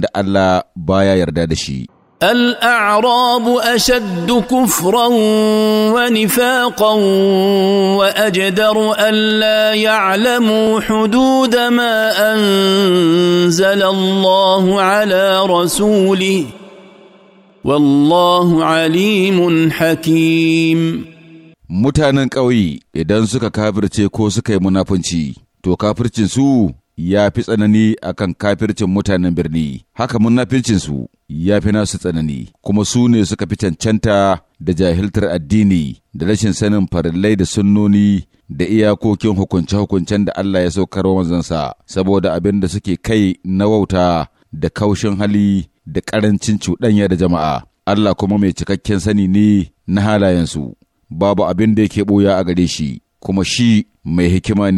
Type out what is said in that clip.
da Allah baya yarda da shi. الأعراب أشد كفرا ونفاقا وأجدر ألا يعلموا حدود ما أنزل الله على رسوله والله عليم حكيم mutanen ƙauye idan suka kafirce ko suka yi munafunci to kafircin su ya fi tsanani a kan kafircin mutanen birni, haka munafincinsu ya fi nasu tsanani, kuma su ne suka fi cancanta da jahiltar addini da rashin sanin farillai da sunnoni da iyakokin hukunce-hukuncen da Allah ya saukar wanzansa saboda abin da suke kai na wauta da kaushin hali da ƙarancin cuɗanya da jama'a. Allah kuma mai cikakken sani ne na halayensu, babu abin da yake ɓoya a gare shi, kuma shi mai hikima ne.